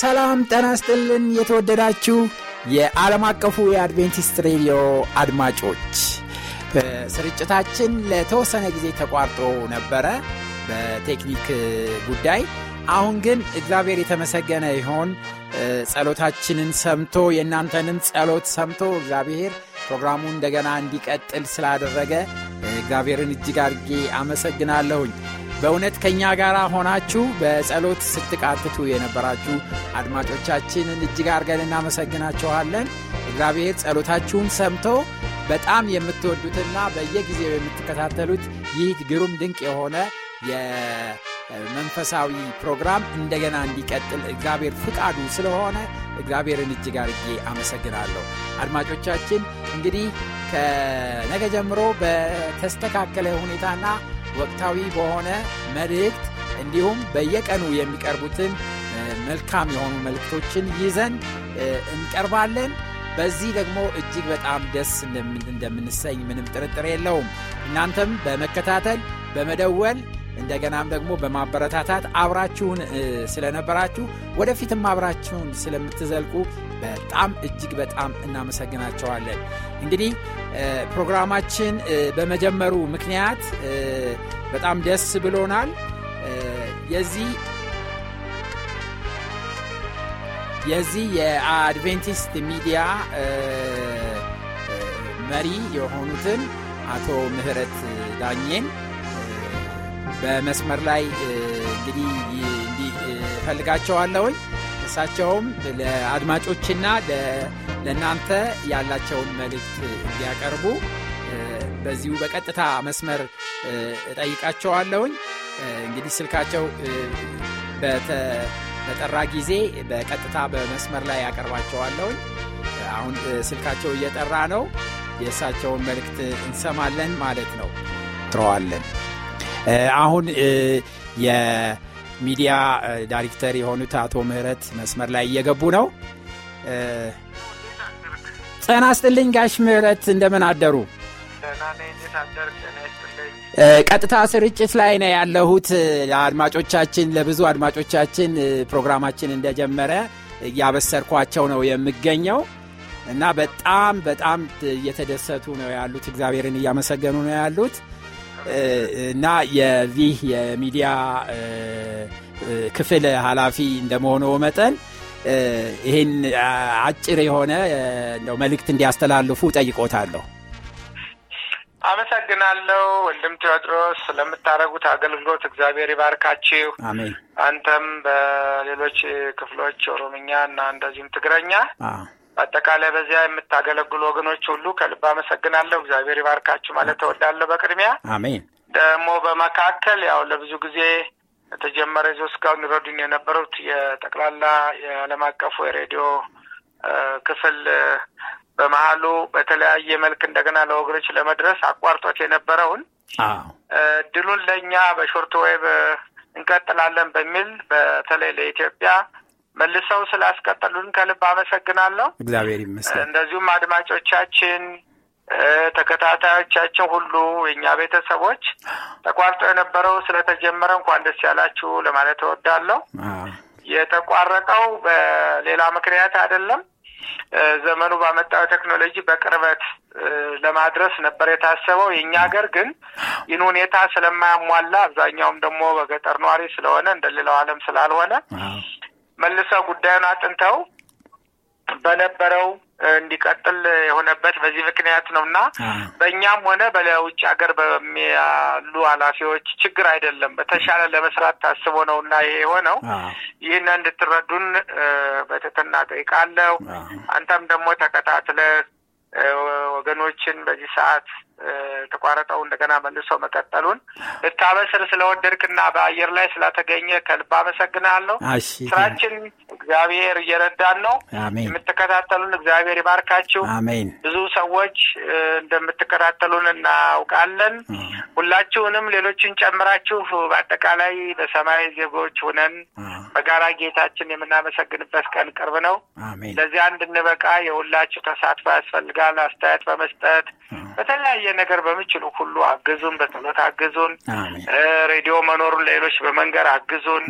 ሰላም ጠናስጥልን የተወደዳችሁ የዓለም አቀፉ የአድቬንቲስት ሬዲዮ አድማጮች ስርጭታችን ለተወሰነ ጊዜ ተቋርጦ ነበረ በቴክኒክ ጉዳይ። አሁን ግን እግዚአብሔር የተመሰገነ ይሆን። ጸሎታችንን ሰምቶ የእናንተንም ጸሎት ሰምቶ እግዚአብሔር ፕሮግራሙን እንደገና እንዲቀጥል ስላደረገ እግዚአብሔርን እጅግ አድርጌ አመሰግናለሁኝ። በእውነት ከእኛ ጋር ሆናችሁ በጸሎት ስትቃትቱ የነበራችሁ አድማጮቻችንን እጅግ አርገን እናመሰግናችኋለን። እግዚአብሔር ጸሎታችሁን ሰምቶ በጣም የምትወዱትና በየጊዜው የምትከታተሉት ይህ ግሩም ድንቅ የሆነ የመንፈሳዊ ፕሮግራም እንደገና እንዲቀጥል እግዚአብሔር ፍቃዱ ስለሆነ እግዚአብሔርን እጅግ አርጌ አመሰግናለሁ። አድማጮቻችን እንግዲህ ከነገ ጀምሮ በተስተካከለ ሁኔታና ወቅታዊ በሆነ መልእክት እንዲሁም በየቀኑ የሚቀርቡትን መልካም የሆኑ መልእክቶችን ይዘን እንቀርባለን። በዚህ ደግሞ እጅግ በጣም ደስ እንደምንሰኝ ምንም ጥርጥር የለውም። እናንተም በመከታተል በመደወል እንደገናም ደግሞ በማበረታታት አብራችሁን ስለነበራችሁ ወደፊትም አብራችሁን ስለምትዘልቁ በጣም እጅግ በጣም እናመሰግናቸዋለን። እንግዲህ ፕሮግራማችን በመጀመሩ ምክንያት በጣም ደስ ብሎናል። የዚህ የዚህ የአድቬንቲስት ሚዲያ መሪ የሆኑትን አቶ ምህረት ዳኘን በመስመር ላይ እንግዲህ እፈልጋቸዋለሁኝ። እሳቸውም ለአድማጮችና ለእናንተ ያላቸውን መልእክት እንዲያቀርቡ በዚሁ በቀጥታ መስመር እጠይቃቸዋለሁኝ። እንግዲህ ስልካቸው በጠራ ጊዜ በቀጥታ በመስመር ላይ ያቀርባቸዋለሁኝ። አሁን ስልካቸው እየጠራ ነው። የእሳቸውን መልእክት እንሰማለን ማለት ነው። ትረዋለን አሁን ሚዲያ ዳይሬክተር የሆኑት አቶ ምህረት መስመር ላይ እየገቡ ነው። ጤና ስጥልኝ ጋሽ ምህረት እንደምን አደሩ? ቀጥታ ስርጭት ላይ ነው ያለሁት። አድማጮቻችን ለብዙ አድማጮቻችን ፕሮግራማችን እንደጀመረ እያበሰርኳቸው ነው የምገኘው እና በጣም በጣም እየተደሰቱ ነው ያሉት። እግዚአብሔርን እያመሰገኑ ነው ያሉት። እና የዚህ የሚዲያ ክፍል ኃላፊ እንደመሆኑ መጠን ይህን አጭር የሆነ እንደው መልእክት እንዲያስተላልፉ ጠይቆታለሁ። አመሰግናለሁ ወንድም ቴዎድሮስ ስለምታደርጉት አገልግሎት እግዚአብሔር ይባርካችሁ። አንተም በሌሎች ክፍሎች ኦሮምኛ እና እንደዚሁም ትግረኛ በአጠቃላይ በዚያ የምታገለግሉ ወገኖች ሁሉ ከልብ አመሰግናለሁ። እግዚአብሔር ይባርካችሁ ማለት እወዳለሁ። በቅድሚያ አሜን። ደግሞ በመካከል ያው ለብዙ ጊዜ የተጀመረ ይዞ እስካሁን ረዱኝ የነበሩት የጠቅላላ የዓለም አቀፉ የሬዲዮ ክፍል በመሀሉ በተለያየ መልክ እንደገና ለወገኖች ለመድረስ አቋርጦት የነበረውን እድሉን ለእኛ በሾርት ዌብ እንቀጥላለን በሚል በተለይ ለኢትዮጵያ መልሰው ስላስቀጠሉን ከልብ አመሰግናለሁ። እግዚአብሔር ይመስገን። እንደዚሁም አድማጮቻችን፣ ተከታታዮቻችን ሁሉ የእኛ ቤተሰቦች ተቋርጦ የነበረው ስለተጀመረ እንኳን ደስ ያላችሁ ለማለት እወዳለሁ። የተቋረጠው በሌላ ምክንያት አይደለም። ዘመኑ ባመጣው ቴክኖሎጂ በቅርበት ለማድረስ ነበር የታሰበው። የእኛ ሀገር ግን ይህን ሁኔታ ስለማያሟላ አብዛኛውም ደግሞ በገጠር ነዋሪ ስለሆነ እንደሌላው ዓለም ስላልሆነ መልሰው ጉዳዩን አጥንተው በነበረው እንዲቀጥል የሆነበት በዚህ ምክንያት ነው እና በእኛም ሆነ በውጭ ሀገር በሚያሉ ኃላፊዎች ችግር አይደለም። በተሻለ ለመስራት ታስቦ ነው እና ይሄ የሆነው ይህን እንድትረዱን በትህትና ጠይቃለሁ። አንተም ደግሞ ተከታትለህ ወገኖችን በዚህ ሰዓት ተቋረጠው እንደገና መልሰው መቀጠሉን ልታበስር ስለወደድክና በአየር ላይ ስለተገኘ ከልብ አመሰግናለሁ። ስራችን እግዚአብሔር እየረዳን ነው። የምትከታተሉን እግዚአብሔር ይባርካችሁ። አሜን። ብዙ ሰዎች እንደምትከታተሉን እናውቃለን። ሁላችሁንም ሌሎችን ጨምራችሁ በአጠቃላይ በሰማይ ዜጎች ሁነን በጋራ ጌታችን የምናመሰግንበት ቀን ቅርብ ነው። ለዚያ እንድንበቃ የሁላችሁ ተሳትፎ ያስፈልጋል። አስተያየት በመስጠት በተለያየ በተለያየ ነገር በምችሉ ሁሉ አግዙን። በጸሎት አግዙን። ሬዲዮ መኖሩን ሌሎች በመንገር አግዙን።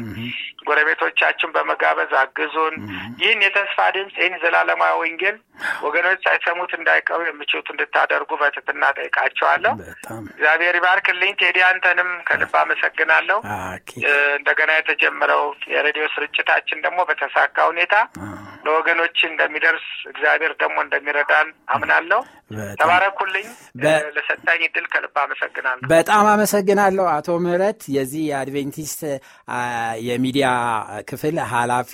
ጎረቤቶቻችን በመጋበዝ አግዙን። ይህን የተስፋ ድምፅ ይህን ዘላለማዊ ወንጌል ወገኖች ሳይሰሙት እንዳይቀሩ የምችሉት እንድታደርጉ በትትና ጠይቃቸዋለሁ። እግዚአብሔር ይባርክልኝ። ቴዲ አንተንም ከልብ አመሰግናለሁ። እንደገና የተጀመረው የሬዲዮ ስርጭታችን ደግሞ በተሳካ ሁኔታ ለወገኖች እንደሚደርስ እግዚአብሔር ደግሞ እንደሚረዳን አምናለሁ። ተባረኩልኝ። ለሰጣኝ እድል ከልብ አመሰግናለሁ። በጣም አመሰግናለሁ አቶ ምህረት የዚህ የአድቬንቲስት የሚዲያ ክፍል ኃላፊ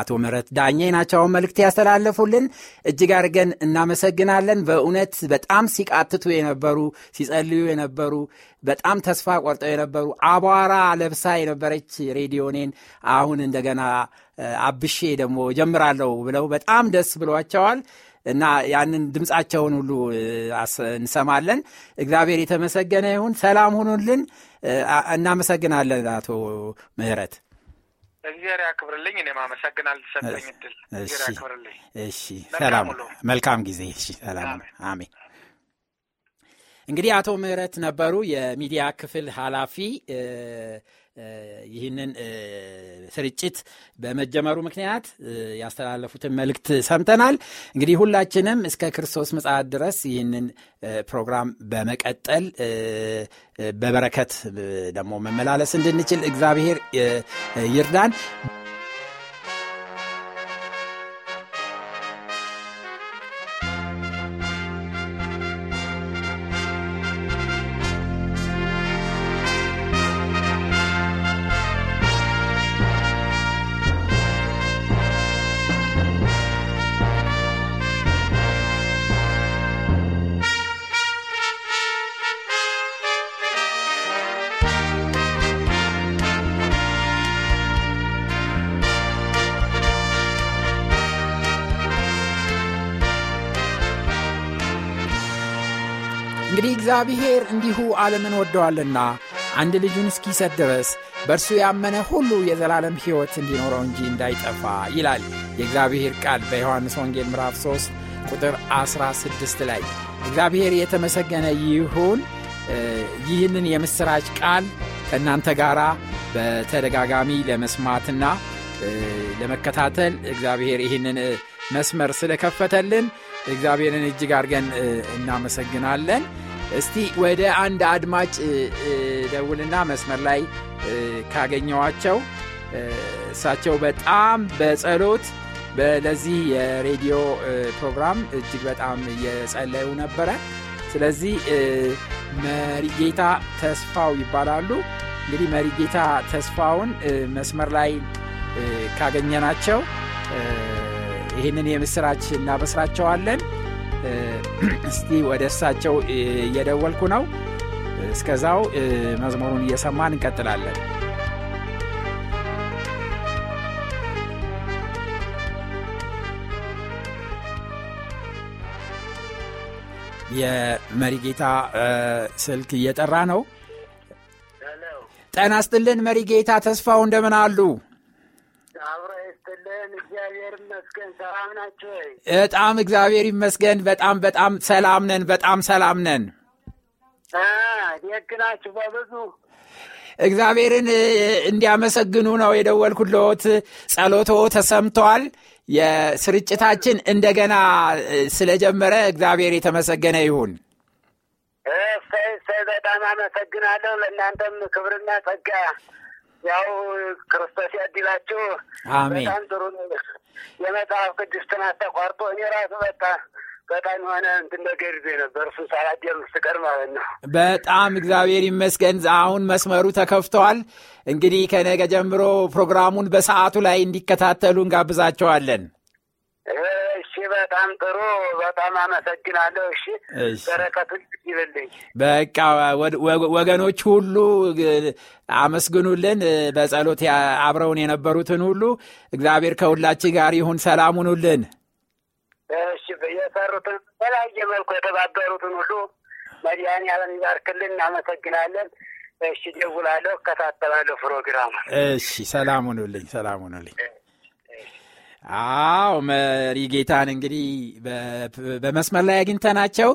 አቶ ምህረት ዳኜ ናቸውን መልእክት ያስተላለፉልን እጅግ አድርገን እናመሰግናለን። በእውነት በጣም ሲቃትቱ የነበሩ ሲጸልዩ የነበሩ በጣም ተስፋ ቆርጠው የነበሩ አቧራ ለብሳ የነበረች ሬዲዮኔን አሁን እንደገና አብሼ ደግሞ ጀምራለሁ ብለው በጣም ደስ ብሏቸዋል። እና ያንን ድምፃቸውን ሁሉ እንሰማለን። እግዚአብሔር የተመሰገነ ይሁን። ሰላም ሁኑልን። እናመሰግናለን አቶ ምህረት። እግዚአብሔር ያክብርልኝ። እኔም አመሰግናለሁ ሰጠኝ እድል። እሺ፣ ሰላም፣ መልካም ጊዜ። እሺ፣ ሰላም፣ አሜን። እንግዲህ አቶ ምህረት ነበሩ፣ የሚዲያ ክፍል ኃላፊ ይህንን ስርጭት በመጀመሩ ምክንያት ያስተላለፉትን መልእክት ሰምተናል። እንግዲህ ሁላችንም እስከ ክርስቶስ ምጽአት ድረስ ይህንን ፕሮግራም በመቀጠል በበረከት ደግሞ መመላለስ እንድንችል እግዚአብሔር ይርዳን። እግዚአብሔር እንዲሁ ዓለምን ወደዋልና አንድ ልጁን እስኪሰጥ ድረስ በእርሱ ያመነ ሁሉ የዘላለም ሕይወት እንዲኖረው እንጂ እንዳይጠፋ ይላል የእግዚአብሔር ቃል በዮሐንስ ወንጌል ምዕራፍ 3 ቁጥር 16 ላይ እግዚአብሔር የተመሰገነ ይሁን። ይህንን የምሥራች ቃል ከእናንተ ጋር በተደጋጋሚ ለመስማትና ለመከታተል እግዚአብሔር ይህንን መስመር ስለከፈተልን እግዚአብሔርን እጅግ አድርገን እናመሰግናለን። እስቲ ወደ አንድ አድማጭ ደውልና መስመር ላይ ካገኘዋቸው እሳቸው በጣም በጸሎት ለዚህ የሬዲዮ ፕሮግራም እጅግ በጣም እየጸለዩ ነበረ ስለዚህ መሪጌታ ተስፋው ይባላሉ እንግዲህ መሪጌታ ተስፋውን መስመር ላይ ካገኘናቸው ይህንን የምስራች እናበስራቸዋለን እስቲ ወደ እሳቸው እየደወልኩ ነው እስከዛው መዝሙሩን እየሰማን እንቀጥላለን የመሪጌታ ስልክ እየጠራ ነው ጠናስጥልን መሪጌታ ተስፋው እንደምን አሉ እግዚአብሔር ይመስገን። ሰላም ናቸው ወይ? በጣም እግዚአብሔር ይመስገን። በጣም በጣም ሰላም ነን። በጣም ሰላም ነን። ደግ ናችሁ በብዙ እግዚአብሔርን እንዲያመሰግኑ ነው የደወልኩልዎት። ጸሎቶ ተሰምተዋል። የስርጭታችን እንደገና ስለጀመረ እግዚአብሔር የተመሰገነ ይሁን። እሰይ እሰይ። በጣም አመሰግናለሁ። ለእናንተም ክብርና ጸጋ ያው ክርስቶስ ያድላችሁ። አሜን። በጣም ጥሩ የመጽሐፍ ቅዱስ ጥናት ተቋርጦ እኔ ራሱ በቃ በጣም የሆነ እንትን ነገር ይዞ ነበር እሱ ሳላደር ስቀር ማለት ነው። በጣም እግዚአብሔር ይመስገን። አሁን መስመሩ ተከፍተዋል። እንግዲህ ከነገ ጀምሮ ፕሮግራሙን በሰዓቱ ላይ እንዲከታተሉ እንጋብዛቸዋለን። እሺ፣ በጣም ጥሩ፣ በጣም አመሰግናለሁ። እሺ በረከቱ ይብልኝ። በቃ ወገኖች ሁሉ አመስግኑልን። በጸሎት አብረውን የነበሩትን ሁሉ እግዚአብሔር ከሁላችን ጋር ይሁን። ሰላሙኑልን። እሺ የሰሩትን በተለያየ መልኩ የተባበሩትን ሁሉ መድኃኔዓለም ይባርክልን። እናመሰግናለን። እሺ ደውላለሁ፣ እከታተላለሁ ፕሮግራም። እሺ ሰላም ሁኑልኝ፣ ሰላም ሁኑልኝ። አዎ መሪ ጌታን እንግዲህ በመስመር ላይ አግኝተናቸው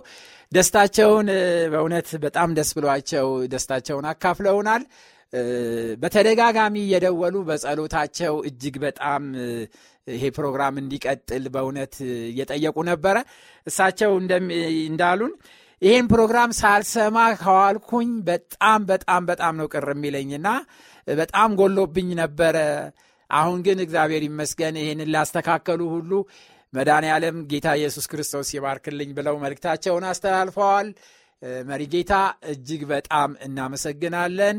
ደስታቸውን በእውነት በጣም ደስ ብሏቸው ደስታቸውን አካፍለውናል። በተደጋጋሚ እየደወሉ በጸሎታቸው እጅግ በጣም ይሄ ፕሮግራም እንዲቀጥል በእውነት እየጠየቁ ነበረ። እሳቸው እንዳሉን ይሄን ፕሮግራም ሳልሰማ ከዋልኩኝ በጣም በጣም በጣም ነው ቅር የሚለኝና በጣም ጎሎብኝ ነበረ አሁን ግን እግዚአብሔር ይመስገን ይህንን ላስተካከሉ ሁሉ መድኃኔ ያለም ጌታ ኢየሱስ ክርስቶስ ይባርክልኝ ብለው መልእክታቸውን አስተላልፈዋል። መሪ ጌታ እጅግ በጣም እናመሰግናለን።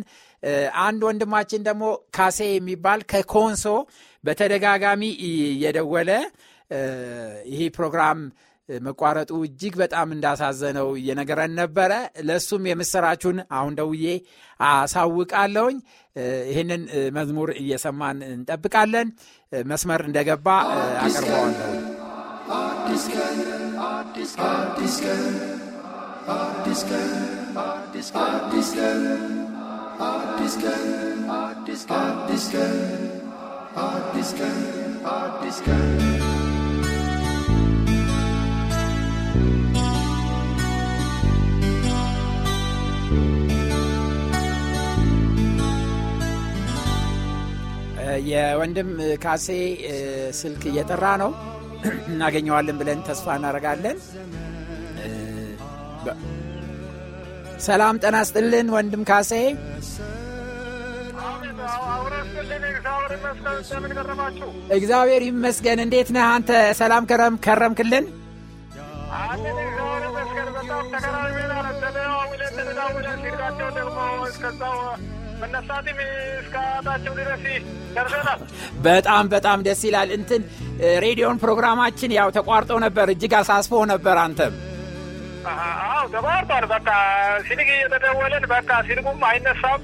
አንድ ወንድማችን ደግሞ ካሴ የሚባል ከኮንሶ በተደጋጋሚ እየደወለ ይሄ ፕሮግራም መቋረጡ እጅግ በጣም እንዳሳዘነው እየነገረን ነበረ። ለእሱም የምስራቹን አሁን ደውዬ አሳውቃለውኝ። ይህንን መዝሙር እየሰማን እንጠብቃለን። መስመር እንደገባ አቀርበዋለሁ። የወንድም ካሴ ስልክ እየጠራ ነው። እናገኘዋለን ብለን ተስፋ እናደርጋለን። ሰላም ጠና ስጥልን ወንድም ካሴ። እግዚአብሔር ይመስገን። እንዴት ነህ አንተ? ሰላም ከረም ከረምክልን? መነሳትም እስከታቸው ድረስ ደርሰናል። በጣም በጣም ደስ ይላል። እንትን ሬዲዮን ፕሮግራማችን ያው ተቋርጦ ነበር። እጅግ አሳስቦ ነበር። አንተም አዎ ተቋርጧል። በቃ ስልክ እየተደወለን በቃ ስልኩም አይነሳም፣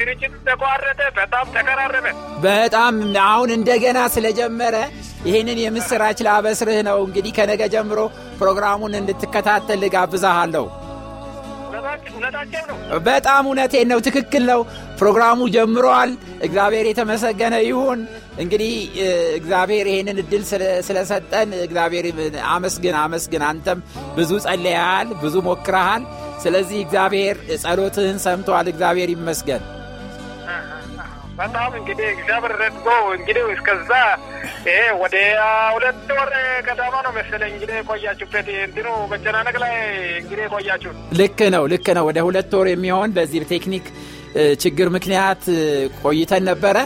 ስርጭት ተቋረጠ። በጣም ተቀራረበ። በጣም አሁን እንደገና ስለጀመረ ይህንን የምስራች ላበስርህ ነው። እንግዲህ ከነገ ጀምሮ ፕሮግራሙን እንድትከታተል ጋብዛሃለሁ። በጣም እውነቴ ነው። ትክክል ነው። ፕሮግራሙ ጀምረዋል። እግዚአብሔር የተመሰገነ ይሁን። እንግዲህ እግዚአብሔር ይህንን እድል ስለሰጠን እግዚአብሔር አመስግን አመስግን። አንተም ብዙ ጸለያል ብዙ ሞክረሃል። ስለዚህ እግዚአብሔር ጸሎትህን ሰምተዋል። እግዚአብሔር ይመስገን። በጣም እንግዲህ እግዚአብሔር ረድጎ እንግዲህ እስከዛ ወደ ሁለት ወር ቀዳማ ነው መሰለኝ እንግዲህ ቆያችሁበት እንትኑ መጨናነቅ ላይ እንግዲህ ቆያችሁ ልክ ነው ልክ ነው። ወደ ሁለት ወር የሚሆን በዚህ ቴክኒክ ችግር ምክንያት ቆይተን ነበረ።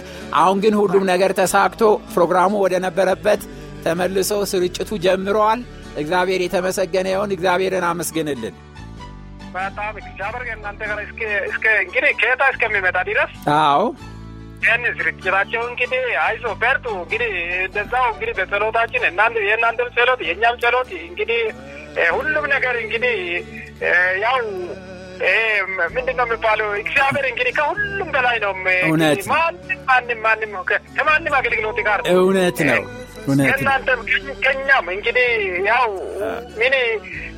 አሁን ግን ሁሉም ነገር ተሳክቶ ፕሮግራሙ ወደ ነበረበት ተመልሶ ስርጭቱ ጀምረዋል። እግዚአብሔር የተመሰገነ ይሁን። እግዚአብሔርን አመስግንልን። በጣም እግዚአብሔር እናንተ ጋር እስከ እንግዲህ እስከሚመጣ ድረስ አዎ ያን ስርጭታቸው እንግዲህ አይዞ በርቱ እንግዲህ እንደዛው እንግዲህ በጸሎታችን የእናንተም ጸሎት የእኛም ጸሎት እንግዲህ ሁሉም ነገር እንግዲህ ያው ምንድን ነው የሚባለው? እግዚአብሔር እንግዲህ ከሁሉም በላይ ነው። እውነት ማንም ማንም ማንም ከማንም አገልግሎት ጋር እውነት ነው። ከእናንተም ከኛም እንግዲህ ያው እኔ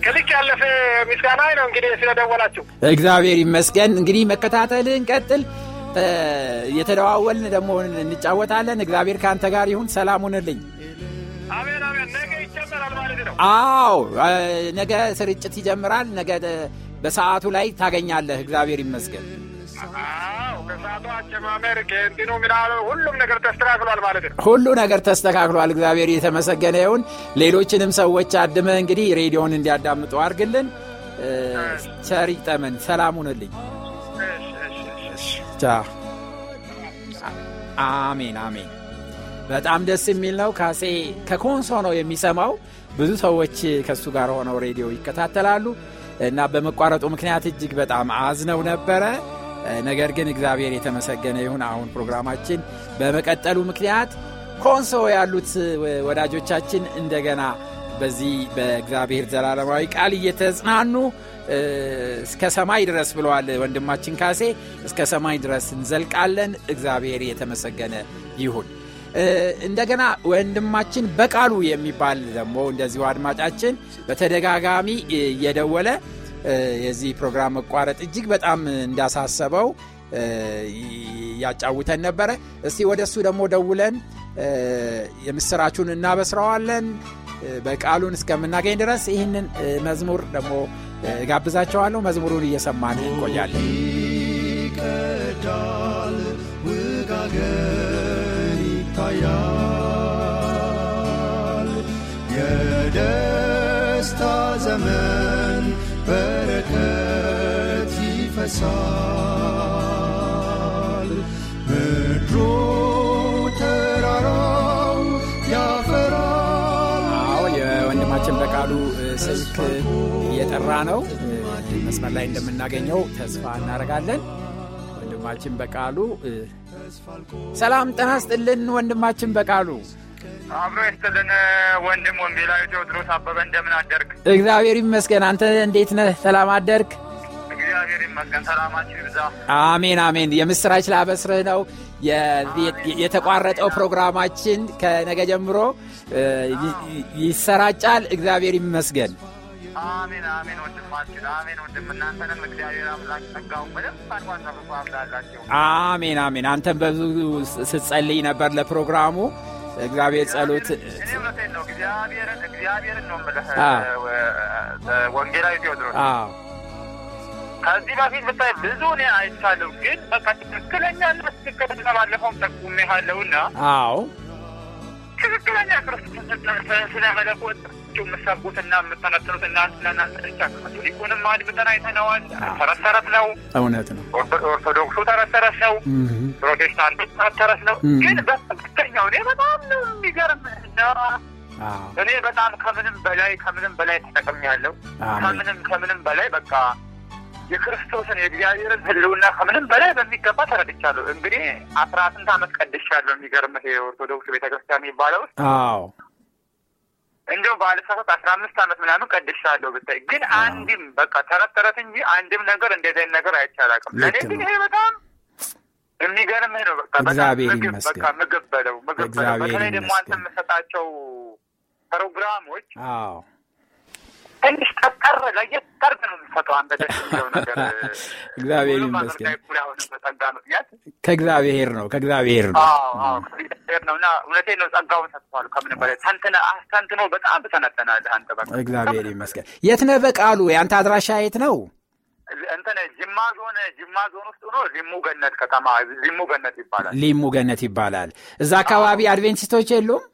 ከልክ ያለፈ ምስጋና ነው እንግዲህ ስለደወላችሁ እግዚአብሔር ይመስገን። እንግዲህ መከታተልን ቀጥል። የተደዋወልን ደግሞ እንጫወታለን። እግዚአብሔር ከአንተ ጋር ይሁን። ሰላም ሁንልኝ። አዎ ነገ ስርጭት ይጀምራል። ነገ በሰዓቱ ላይ ታገኛለህ። እግዚአብሔር ይመስገን። ሁሉም ነገር ተስተካክሏል ማለት ነው። ሁሉ ነገር ተስተካክሏል። እግዚአብሔር የተመሰገነ ይሁን። ሌሎችንም ሰዎች አድመ እንግዲህ ሬዲዮን እንዲያዳምጡ አድርግልን። ቸር ይጠመን። ሰላም ሁንልኝ። ቻ አሜን አሜን። በጣም ደስ የሚል ነው። ካሴ ከኮንሶ ነው የሚሰማው። ብዙ ሰዎች ከእሱ ጋር ሆነው ሬዲዮ ይከታተላሉ እና በመቋረጡ ምክንያት እጅግ በጣም አዝነው ነበረ። ነገር ግን እግዚአብሔር የተመሰገነ ይሁን። አሁን ፕሮግራማችን በመቀጠሉ ምክንያት ኮንሶ ያሉት ወዳጆቻችን እንደገና በዚህ በእግዚአብሔር ዘላለማዊ ቃል እየተጽናኑ እስከ ሰማይ ድረስ ብለዋል ወንድማችን ካሴ። እስከ ሰማይ ድረስ እንዘልቃለን። እግዚአብሔር የተመሰገነ ይሁን። እንደገና ወንድማችን በቃሉ የሚባል ደግሞ እንደዚሁ አድማጫችን በተደጋጋሚ እየደወለ የዚህ ፕሮግራም መቋረጥ እጅግ በጣም እንዳሳሰበው ያጫውተን ነበረ። እስቲ ወደ እሱ ደግሞ ደውለን የምስራችሁን እናበስረዋለን። በቃሉን እስከምናገኝ ድረስ ይህንን መዝሙር ደግሞ ጋብዛቸዋለሁ። መዝሙሩን እየሰማን እንቆያለን። ይቀዳል ውጋገን ይታያል የደስታ ዘመን በረከት ይፈሳል ምድሩ ተራራው ያፈራል። አዎ የወንድማችን በቃሉ ስልክ እየጠራ ነው። መስመር ላይ እንደምናገኘው ተስፋ እናደርጋለን። ወንድማችን በቃሉ ሰላም ጤና ስጥልን ወንድማችን በቃሉ አብሮ ይስጥልን። ወንድም ወንጌላዊ ቴዎድሮስ አበበ እንደምን አደርግ? እግዚአብሔር ይመስገን። አንተ እንዴት ነህ? ሰላም አደርግ? እግዚአብሔር ይመስገን። ሰላማችሁ ይብዛ። አሜን አሜን። የምስራች ላበስርህ ነው። የተቋረጠው ፕሮግራማችን ከነገ ጀምሮ ይሰራጫል። እግዚአብሔር ይመስገን። አሜን አሜን። ወንድማችን አሜን ወንድም፣ እናንተንም እግዚአብሔር አምላክ ጸጋውን ምንም አድርጎ አሳብቆ አብዛላቸው። አሜን አሜን። አንተም በብዙ ስትጸልይ ነበር ለፕሮግራሙ እግዚአብሔር ጸሎት ነው። እግዚአብሔርን እግዚአብሔርን ነው የምልህ ወንጌላዊ ቴዎድሮስ ከዚህ በፊት ብታይ ብዙ እኔ አይቻለሁ፣ ግን በቃ ትክክለኛ ና ትክክለኛ ባለፈውም ጠቁሜሃለሁ እና አዎ ትክክለኛ ክርስቶስ ስለ መለኮት የምትሰብኩትና የምትተነትኑት እናንተ እውነት ነው። ኦርቶዶክሱ ተረት ተረት ነው፣ ፕሮቴስታንቱ ተረት ነው። ግን በትክክለኛው እኔ በጣም ነው የሚገርም እና እኔ በጣም ከምንም በላይ ከምንም በላይ ተጠቅሜያለሁ። ከምንም ከምንም በላይ በቃ የክርስቶስን የእግዚአብሔርን ህልውና ከምንም በላይ በሚገባ ተረድቻለሁ። እንግዲህ አስራ ስንት ዓመት ቀድሻለሁ። የሚገርምህ የኦርቶዶክስ ቤተክርስቲያን የሚባለው አዎ እንደው ባለሰፈት አስራ አምስት ዓመት ምናምን ቀድሻለሁ ብታይ ግን አንድም በቃ ተረት ተረት እንጂ አንድም ነገር እንደዚህ ነገር አይቻላቅም። ለእኔ ግን ይሄ በጣም የሚገርምህ ነው። በቃ እግዚአብሔር ይመስገን። በቃ ምግብ በለው ምግብ በለው። በተለይ ደግሞ አንተ የምሰጣቸው ፕሮግራሞች አዎ ትንሽ ጠጠር ለየት ጠርግ ነው የሚሰጠው። አንተ ደስ የሚለው ነገር እግዚአብሔር ይመስገን ከእግዚአብሔር ነው ከእግዚአብሔር ነው ነው እና እውነቴ ነው። ጸጋውን ሰጥተዋል። ከምን በላይ ተንትነ አስተንትኖ በጣም ተነተናል። አንተ በቃ እግዚአብሔር ይመስገን። የት ነህ በቃሉ? የአንተ አድራሻ የት ነው? እንትን ጅማ ዞን ጅማ ዞን ውስጥ ሆኖ ሊሙ ገነት ከተማ ሊሙ ገነት ይባላል። ሊሙ ገነት ይባላል። እዛ አካባቢ አድቬንቲስቶች የሉም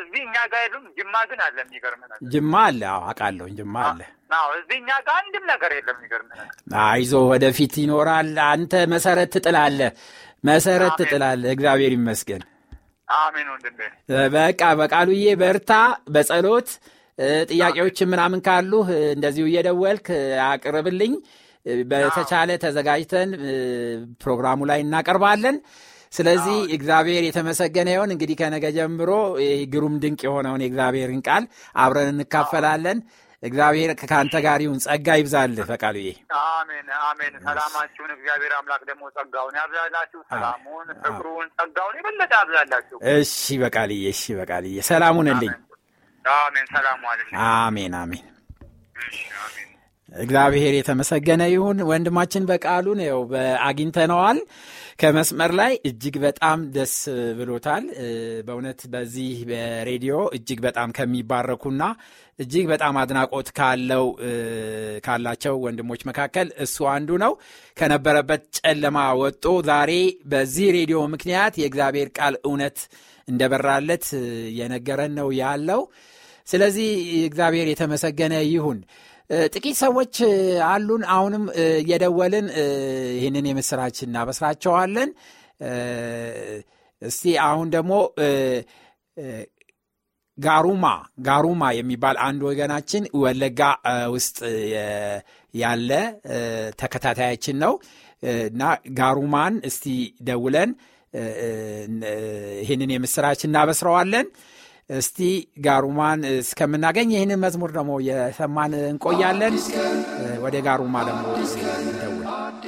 እዚህ እኛ ጋር የሉም። ጅማ ግን አለ። የሚገርም ነገር ጅማ አለ። አዎ አውቃለሁኝ። ጅማ አለ። አዎ እዚህ እኛ ጋር አንድም ነገር የለም። የሚገርም ነገር አይዞ፣ ወደፊት ይኖራል። አንተ መሰረት ትጥላለህ፣ መሰረት ትጥላለህ። እግዚአብሔር ይመስገን። አሜን ወንድሜ። በቃ በቃሉዬ በርታ፣ በጸሎት ጥያቄዎች ምናምን ካሉ እንደዚሁ እየደወልክ አቅርብልኝ። በተቻለ ተዘጋጅተን ፕሮግራሙ ላይ እናቀርባለን። ስለዚህ እግዚአብሔር የተመሰገነ ይሆን። እንግዲህ ከነገ ጀምሮ ግሩም ድንቅ የሆነውን የእግዚአብሔርን ቃል አብረን እንካፈላለን። እግዚአብሔር ከአንተ ጋር ይሁን። ጸጋ ይብዛልህ። ፈቃሉዬ አሜን አሜን። ሰላማችሁን እግዚአብሔር አምላክ ደግሞ ጸጋውን ያብዛላችሁ። ሰላሙን፣ ፍቅሩን፣ ጸጋውን የበለጠ ያብዛላችሁ። እሺ በቃል እሺ በቃል ሰላሙን እልኝ። አሜን። ሰላሙ አለ። አሜን አሜን። አሜን። እግዚአብሔር የተመሰገነ ይሁን። ወንድማችን በቃሉን ው አግኝተነዋል ከመስመር ላይ እጅግ በጣም ደስ ብሎታል። በእውነት በዚህ በሬዲዮ እጅግ በጣም ከሚባረኩና እጅግ በጣም አድናቆት ካለው ካላቸው ወንድሞች መካከል እሱ አንዱ ነው። ከነበረበት ጨለማ ወጦ ዛሬ በዚህ ሬዲዮ ምክንያት የእግዚአብሔር ቃል እውነት እንደበራለት የነገረን ነው ያለው። ስለዚህ እግዚአብሔር የተመሰገነ ይሁን። ጥቂት ሰዎች አሉን። አሁንም እየደወልን ይህንን የምስራች እናበስራቸዋለን። እስቲ አሁን ደግሞ ጋሩማ ጋሩማ የሚባል አንድ ወገናችን ወለጋ ውስጥ ያለ ተከታታያችን ነው እና ጋሩማን እስቲ ደውለን ይህንን የምስራች እናበስረዋለን። እስቲ ጋሩማን እስከምናገኝ ይህንን መዝሙር ደግሞ የሰማን እንቆያለን። ወደ ጋሩማ ደግሞ እንደውል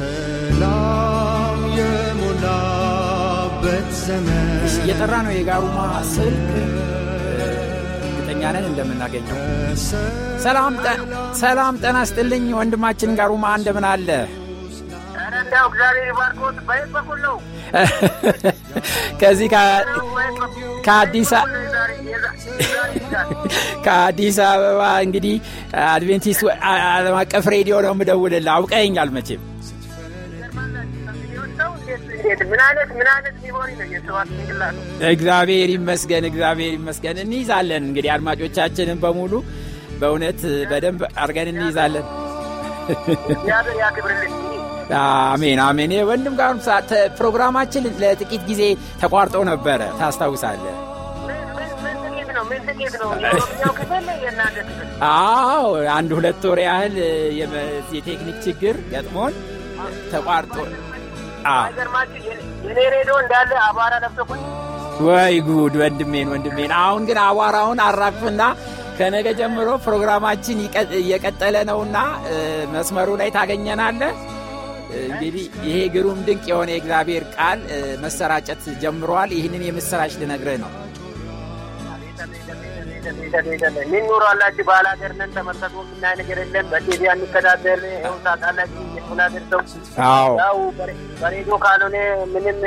ሰላም የሞላበት ዘመን የጠራ ነው የጋሩማ ስልክ እርግጠኛ ነን እንደምናገኘው ሰላም ጠና ስጥልኝ ወንድማችን ጋሩማ እንደምን አለ እግዚአብሔር በየት በኩል ነው ከዚህ ከአዲስ ከአዲስ አበባ እንግዲህ አድቬንቲስት ዓለም አቀፍ ሬዲዮ ነው የምደውልልህ አውቀኛል መቼም እንዴት ምን አይነት ምን አይነት ነው የሰባት እግዚአብሔር ይመስገን፣ እግዚአብሔር ይመስገን። እንይዛለን እንግዲህ አድማጮቻችንን በሙሉ በእውነት በደንብ አድርገን እንይዛለን። እግዚአብሔር ያክብርልን። አሜን አሜን። ወንድም ጋር ፕሮግራማችን ለጥቂት ጊዜ ተቋርጦ ነበረ፣ ታስታውሳለህ? አዎ አንድ ሁለት ወር ያህል የቴክኒክ ችግር ገጥሞን ተቋርጦ የኔ ሬዲዮ እንዳለ አቧራ ለብሰኩኝ። ወይ ጉድ! ወንድሜን ወንድሜን፣ አሁን ግን አቧራውን አራግፍና ከነገ ጀምሮ ፕሮግራማችን እየቀጠለ ነውና መስመሩ ላይ ታገኘናለህ። እንግዲህ ይሄ ግሩም ድንቅ የሆነ የእግዚአብሔር ቃል መሰራጨት ጀምሯል። ይህንን የምስራች ልነግርህ ነው። ምን ኑሯላችሁ? ባላገር ነን። ተመልከቱ፣ የምናይ ነገር የለም። በቴቪ አንከታተል። ይኸው ምናደርሰው። ያው በሬዲዮ ካልሆነ ምንም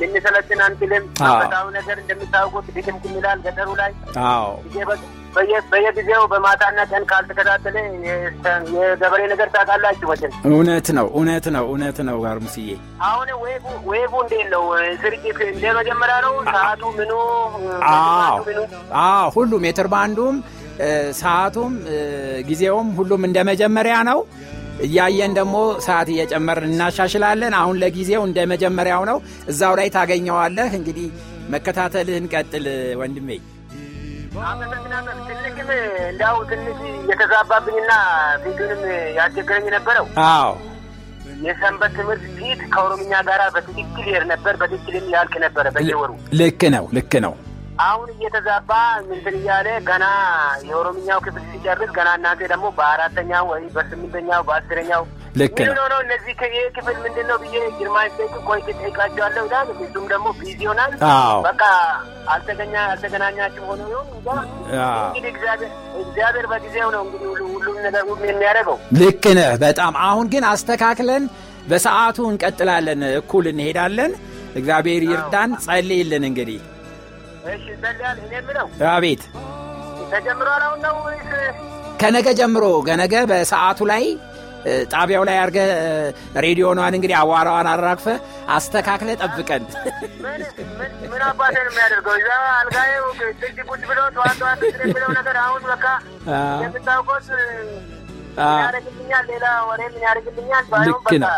ልንሰለጥን አንችልም። በጣም ነገር እንደምታውቁት ድግም ይላል ገጠሩ ላይ በየጊዜው በማታና ቀን ካልተከታተለ የገበሬ ነገር ታውቃላችሁ። መቼም እውነት ነው፣ እውነት ነው፣ እውነት ነው። ጋር ሙስዬ አሁን ዌቡ ዌቡ እንዴት ነው? ስርጭት እንደ መጀመሪያ ነው። ሰዓቱ ምኑ ሁሉ ሜትር ባንዱም ሰዓቱም ጊዜውም ሁሉም እንደ መጀመሪያ ነው። እያየን ደግሞ ሰዓት እየጨመር እናሻሽላለን። አሁን ለጊዜው እንደ መጀመሪያው ነው። እዛው ላይ ታገኘዋለህ። እንግዲህ መከታተልህን ቀጥል ወንድሜ። ትልቅም እንዳው ትንሽ የተዛባብኝና ፊቱንም ያስቸገረኝ ነበረው። አዎ የሰንበት ትምህርት ፊት ከኦሮምኛ ጋር በትክክል ይሄድ ነበር። በትክክልም ያልክ ነበረ በየወሩ። ልክ ነው፣ ልክ ነው። አሁን እየተዛባ ምንትን እያለ ገና የኦሮምኛው ክፍል ሲጨርስ ገና እናቴ ደግሞ በአራተኛው ወይ በስምንተኛው በአስረኛው ልክ ነው ነው እነዚህ ከይህ ክፍል ምንድን ነው ብዬ ግርማ ስጠይቅ ቆይት ጠይቃቸዋለሁ ዳል እሱም ደግሞ ቢዚ ይሆናል። በቃ አልተገኛ አልተገናኛችም ሆኖ እንግዲህ እግዚአብሔር በጊዜው ነው እንግዲህ ሁሉም ነገር ሁሉ የሚያደርገው። ልክ ነህ በጣም አሁን ግን አስተካክለን በሰዓቱ እንቀጥላለን። እኩል እንሄዳለን። እግዚአብሔር ይርዳን። ጸልይልን እንግዲህ እሺ እኔ አቤት ነው ወይስ ከነገ ጀምሮ ከነገ በሰዓቱ ላይ ጣቢያው ላይ ሬዲዮ ሬዲዮኗን እንግዲህ አዋራዋን አራግፈ አስተካክለ ጠብቀን። ምን ነው የሚያደርገው? እዛ አልጋዬ ቁጭ ብሎ የሚለው ነገር አሁን በቃ የምታውቆት ምን ያደርግልኛል? ሌላ ወሬ ምን ያደርግልኛል? ልክ ነው።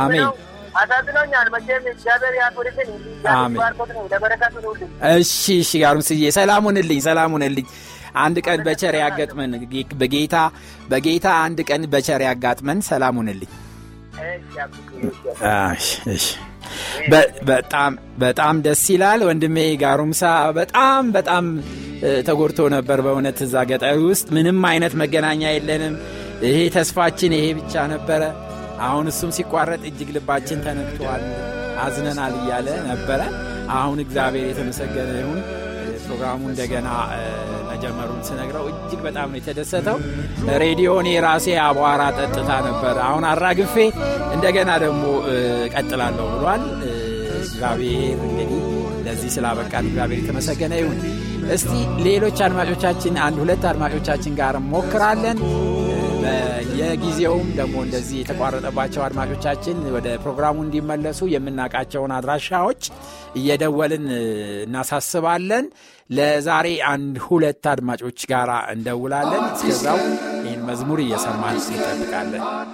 አሜን አሳዝኖኛል። መቼም እግዚአብሔር ያክብርልን። ባርኮት ነው ለበረከቱ ሁሉ። እሺ እሺ፣ አሩምስዬ ሰላም ሁንልኝ፣ ሰላም ሁንልኝ። አንድ ቀን በቸር ያጋጥመን በጌታ በጌታ አንድ ቀን በቸር ያጋጥመን። ሰላም ሁንልኝ። በጣም በጣም ደስ ይላል ወንድሜ ጋሩምሳ። በጣም በጣም ተጎድቶ ነበር በእውነት እዛ ገጠሪ ውስጥ ምንም አይነት መገናኛ የለንም። ይሄ ተስፋችን ይሄ ብቻ ነበረ። አሁን እሱም ሲቋረጥ እጅግ ልባችን ተነግቷል አዝነናል እያለ ነበረ። አሁን እግዚአብሔር የተመሰገነ ይሁን ፕሮግራሙ እንደገና መጀመሩን ስነግረው እጅግ በጣም ነው የተደሰተው። ሬዲዮን የራሴ አቧራ ጠጥታ ነበር፣ አሁን አራግፌ እንደገና ደግሞ ቀጥላለሁ ብሏል። እግዚአብሔር እንግዲህ ለዚህ ስላበቃን እግዚአብሔር የተመሰገነ ይሁን። እስቲ ሌሎች አድማጮቻችን አንድ ሁለት አድማጮቻችን ጋር ሞክራለን። የጊዜውም ደግሞ እንደዚህ የተቋረጠባቸው አድማጮቻችን ወደ ፕሮግራሙ እንዲመለሱ የምናውቃቸውን አድራሻዎች እየደወልን እናሳስባለን። ለዛሬ አንድ ሁለት አድማጮች ጋር እንደውላለን። እስከዛው ይህን መዝሙር እየሰማን እንጠብቃለን። Hard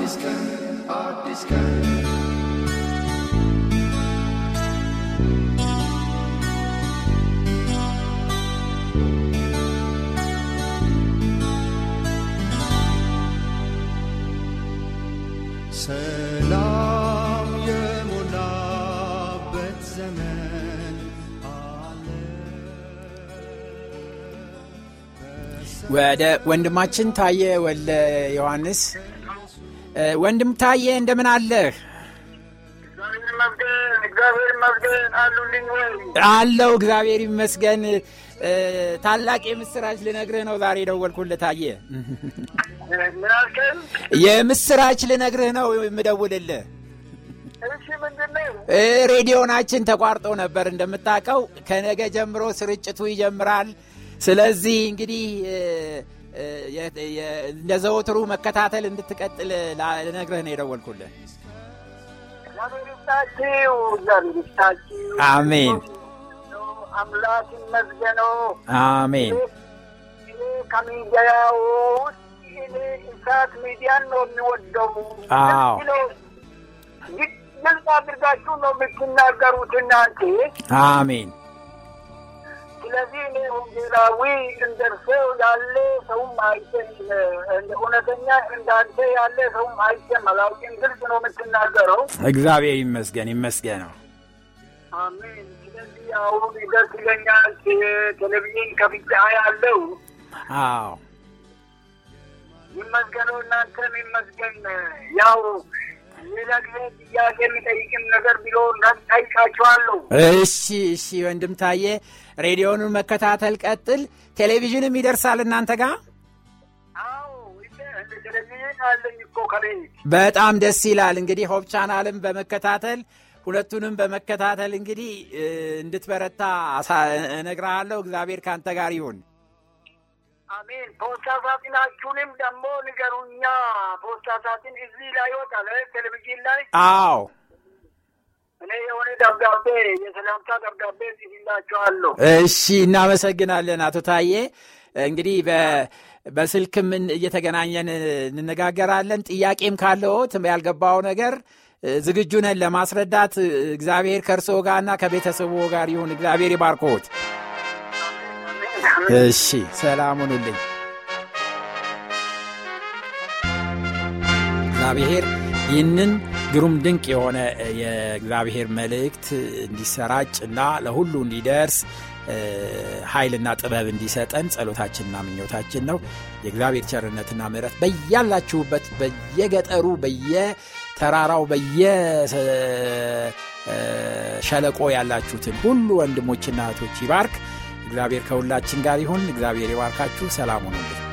disco, hard disco. ወደ ወንድማችን ታየ ወለ ዮሐንስ ወንድም ታየ እንደምን አለህ? አለው። እግዚአብሔር ይመስገን። ታላቅ የምስራች ልነግርህ ነው ዛሬ ደወልኩልህ ታየ። የምስራች ልነግርህ ነው የምደውልልህ። ሬዲዮናችን ተቋርጦ ነበር እንደምታውቀው። ከነገ ጀምሮ ስርጭቱ ይጀምራል። ስለዚህ እንግዲህ እንደ ዘወትሩ መከታተል እንድትቀጥል ልነግረህ ነው የደወልኩልህ። አሜን። አምላክ ይመስገነው። አሜን። ከሚዲያው ውስጥ እኔ እሳት ሚዲያን ነው የሚወደሙ አዎ ግልጽ አድርጋችሁ ነው የምትናገሩት እናንተ። አሜን ስለዚህ እኔ ወንጌላዊ ያለ ሰውም አይቼም እውነተኛ እንዳንተ ያለ ሰውም አይቼም አላውቅም። ግልጽ ነው የምትናገረው። እግዚአብሔር ይመስገን ይመስገነው። አሜን። ስለዚህ አሁን ደስ ይለኛል። ቴሌቪዥን ከፍቼ አያለው። አዎ ይመስገነው። እናንተም ይመስገን ያው እሺ እሺ፣ ወንድም ታዬ ሬዲዮኑን መከታተል ቀጥል። ቴሌቪዥንም ይደርሳል እናንተ ጋር? በጣም ደስ ይላል። እንግዲህ ሆብ ቻናልም በመከታተል ሁለቱንም በመከታተል እንግዲህ እንድትበረታ እነግርሃለሁ። እግዚአብሔር ከአንተ ጋር ይሁን። አሜን። ፖስታ ሳጥናችሁንም ደግሞ ንገሩኛ። ፖስታ ሳጥን እዚህ ላይ ይወጣል ቴሌቪዥን ላይ። አዎ እኔ የሆነ ደብዳቤ የሰላምታ ደብዳቤ ጽፍላችኋለሁ። እሺ፣ እናመሰግናለን አቶ ታዬ። እንግዲህ በ በስልክም እየተገናኘን እንነጋገራለን። ጥያቄም ካለዎት ያልገባው ነገር ዝግጁ ነን ለማስረዳት። እግዚአብሔር ከእርስዎ ጋርና ከቤተሰቡ ጋር ይሁን። እግዚአብሔር ይባርክዎት። እሺ፣ ሰላም ሁኑልኝ። እግዚአብሔር ይህንን ግሩም ድንቅ የሆነ የእግዚአብሔር መልእክት እንዲሰራጭ እና ለሁሉ እንዲደርስ ኃይልና ጥበብ እንዲሰጠን ጸሎታችንና ምኞታችን ነው። የእግዚአብሔር ቸርነትና ምረት በያላችሁበት በየገጠሩ፣ በየተራራው፣ በየሸለቆ ያላችሁትን ሁሉ ወንድሞችና እህቶች ይባርክ። እግዚአብሔር ከሁላችን ጋር ይሁን። እግዚአብሔር ይባርካችሁ። ሰላም ሁኑልን።